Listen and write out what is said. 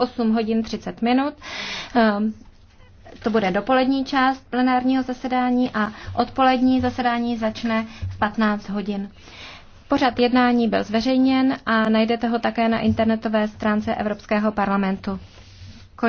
8 hodin 30 minut. Ehm, to bude dopolední část plenárního zasedání a odpolední zasedání začne v 15 hodin. Pořad jednání byl zveřejněn a najdete ho také na internetové stránce Evropského parlamentu.